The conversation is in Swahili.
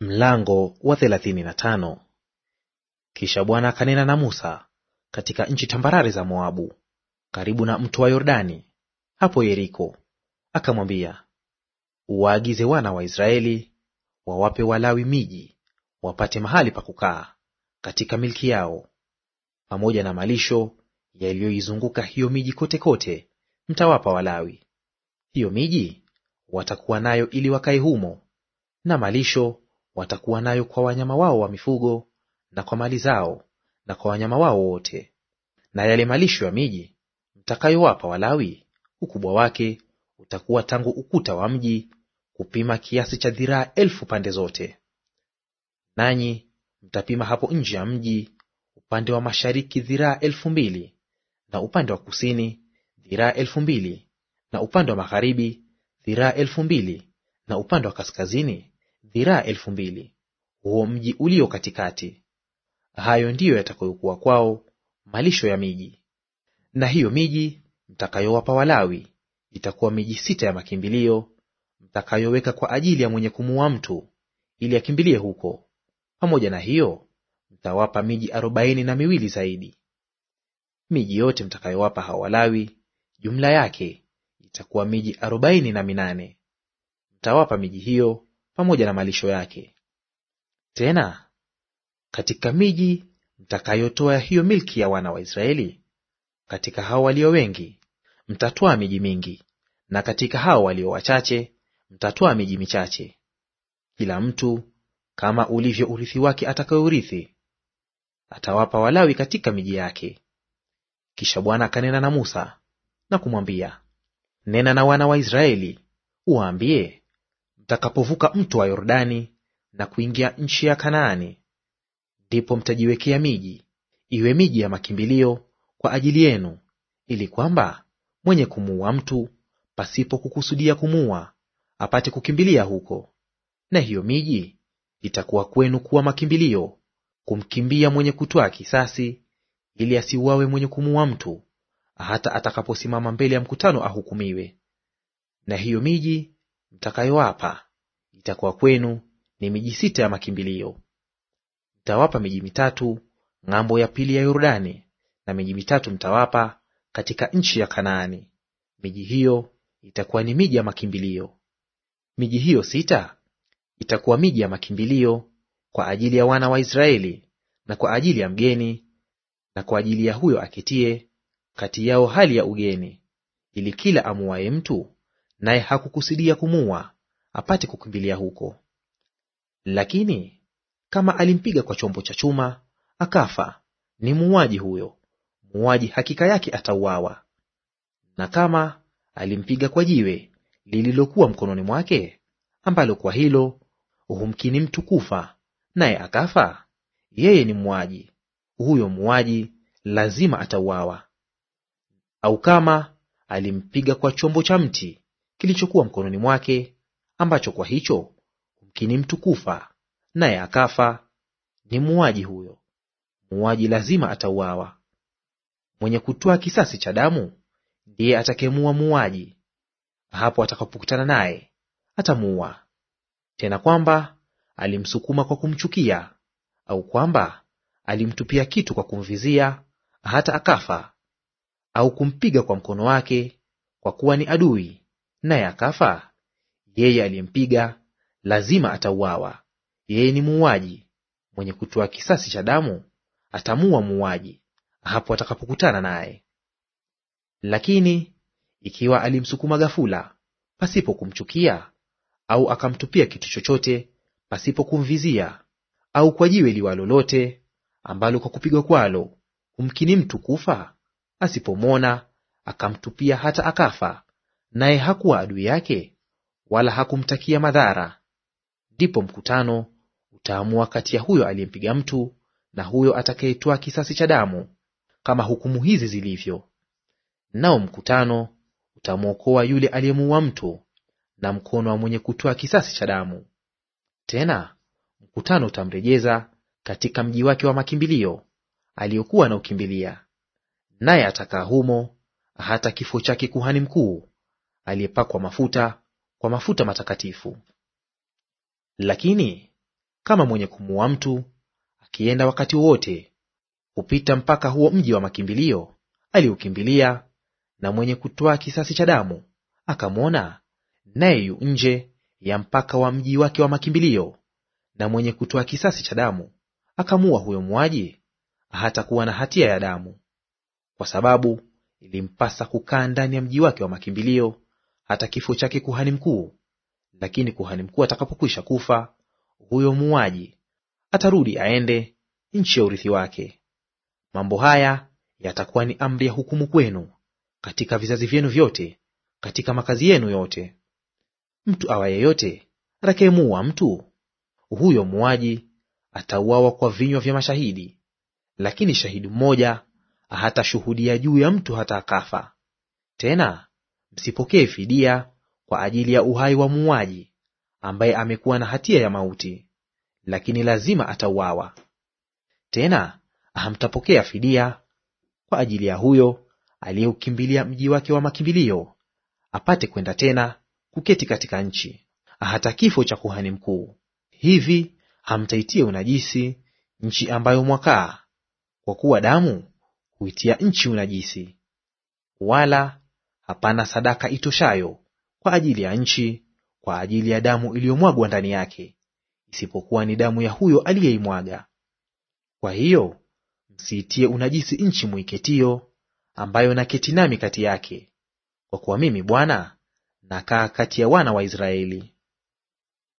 Mlango wa 35. Kisha Bwana akanena na Musa katika nchi tambarare za Moabu karibu na mto wa Yordani hapo Yeriko, akamwambia, uwaagize wana wa Israeli wawape Walawi miji wapate mahali pa kukaa katika milki yao, pamoja na malisho yaliyoizunguka hiyo miji kote kote mtawapa Walawi. Hiyo miji watakuwa nayo ili wakae humo, na malisho watakuwa nayo kwa wanyama wao wa mifugo na kwa mali zao na kwa wanyama wao wote. Na yale malisho ya miji mtakayowapa Walawi, ukubwa wake utakuwa tangu ukuta wa mji kupima kiasi cha dhiraa elfu pande zote. Nanyi mtapima hapo nje ya mji upande wa mashariki dhiraa elfu mbili na upande wa kusini dhiraa elfu mbili na upande wa magharibi dhiraa elfu mbili na upande wa kaskazini dhiraa elfu mbili huo mji ulio katikati. Hayo ndiyo yatakayokuwa kwao malisho ya miji. Na hiyo miji mtakayowapa Walawi itakuwa miji sita ya makimbilio mtakayoweka kwa ajili ya mwenye kumuua mtu ili akimbilie huko. Pamoja na hiyo mtawapa miji arobaini na miwili zaidi. Miji yote mtakayowapa hawa Walawi jumla yake itakuwa miji arobaini na minane. Mtawapa miji hiyo pamoja na malisho yake. Tena katika miji mtakayotoa hiyo milki ya wana wa Israeli, katika hao walio wengi mtatwaa miji mingi, na katika hao walio wachache mtatwaa miji michache. Kila mtu kama ulivyo urithi wake atakayourithi atawapa Walawi katika miji yake. Kisha Bwana akanena na Musa na kumwambia, nena na wana wa Israeli uwaambie Mtakapovuka mto wa Yordani na kuingia nchi ya Kanaani, ndipo mtajiwekea miji, iwe miji ya makimbilio kwa ajili yenu, ili kwamba mwenye kumuua mtu pasipo kukusudia kumuua apate kukimbilia huko. Na hiyo miji itakuwa kwenu kuwa makimbilio, kumkimbia mwenye kutwaa kisasi, ili asiuawe mwenye kumuua mtu, hata atakaposimama mbele ya mkutano ahukumiwe. Na hiyo miji mtakayowapa itakuwa kwenu ni miji sita ya makimbilio. Mtawapa miji mitatu ng'ambo ya pili ya Yordani, na miji mitatu mtawapa katika nchi ya Kanaani. Miji hiyo itakuwa ni miji ya makimbilio. Miji hiyo sita itakuwa miji ya makimbilio kwa ajili ya wana wa Israeli na kwa ajili ya mgeni na kwa ajili ya huyo aketie kati yao hali ya ugeni, ili kila amuaye mtu naye hakukusudia kumua apate kukimbilia huko. Lakini kama alimpiga kwa chombo cha chuma akafa, ni muuaji huyo; muuaji hakika yake atauawa. Na kama alimpiga kwa jiwe lililokuwa mkononi mwake, ambalo kwa hilo humkini mtu kufa, naye akafa, yeye ni muuaji; huyo muuaji lazima atauawa. Au kama alimpiga kwa chombo cha mti kilichokuwa mkononi mwake ambacho kwa hicho mkini mtu kufa, naye akafa, ni muuaji huyo; muuaji lazima atauawa. Mwenye kutoa kisasi cha damu ndiye atakemua muuaji; hapo atakapokutana naye atamuua. Tena kwamba alimsukuma kwa kumchukia, au kwamba alimtupia kitu kwa kumvizia hata akafa, au kumpiga kwa mkono wake, kwa kuwa ni adui, naye akafa, yeye aliyempiga lazima atauawa; yeye ni muuaji. Mwenye kutoa kisasi cha damu atamua muuaji hapo atakapokutana naye. Lakini ikiwa alimsukuma ghafula pasipo kumchukia, au akamtupia kitu chochote pasipo kumvizia, au kwa jiwe liwa lolote, ambalo kwa kupigwa kwalo humkini mtu kufa, asipomwona akamtupia hata akafa, naye hakuwa adui yake, wala hakumtakia madhara, ndipo mkutano utaamua kati ya huyo aliyempiga mtu na huyo atakayetoa kisasi cha damu, kama hukumu hizi zilivyo. Nao mkutano utamwokoa yule aliyemuua mtu na mkono wa mwenye kutoa kisasi cha damu. Tena mkutano utamrejeza katika mji wake wa makimbilio aliyokuwa ukimbilia, naye atakaa humo hata kifo chake kuhani mkuu aliyepakwa mafuta kwa mafuta matakatifu. Lakini kama mwenye kumuua mtu akienda wakati wowote kupita mpaka huo mji wa makimbilio aliukimbilia, na mwenye kutoa kisasi cha damu akamwona, naye yu nje ya mpaka wa mji wake wa makimbilio, na mwenye kutoa kisasi cha damu akamuua huyo hata kuwa na hatia ya damu, kwa sababu ilimpasa kukaa ndani ya mji wake wa makimbilio hata kifo chake kuhani mkuu. Lakini kuhani mkuu atakapokwisha kufa, huyo muuaji atarudi aende nchi ya urithi wake. Mambo haya yatakuwa ni amri ya hukumu kwenu katika vizazi vyenu vyote, katika makazi yenu yote. Mtu awa yeyote atakayemuua mtu, huyo muuaji atauawa kwa vinywa vya mashahidi, lakini shahidi mmoja hatashuhudia juu ya mtu hata akafa. Tena msipokee fidia kwa ajili ya uhai wa muuaji ambaye amekuwa na hatia ya mauti, lakini lazima atauawa. Tena hamtapokea fidia kwa ajili ya huyo aliyeukimbilia mji wake wa makimbilio, apate kwenda tena kuketi katika nchi, hata kifo cha kuhani mkuu. Hivi hamtaitia unajisi nchi ambayo mwakaa, kwa kuwa damu huitia nchi unajisi. Wala hapana sadaka itoshayo kwa ajili ya nchi kwa ajili ya damu iliyomwagwa ndani yake, isipokuwa ni damu ya huyo aliyeimwaga. Kwa hiyo msiitie unajisi nchi mwiketio, ambayo naketi nami kati yake, kwa kuwa mimi Bwana nakaa kati ya wana wa Israeli.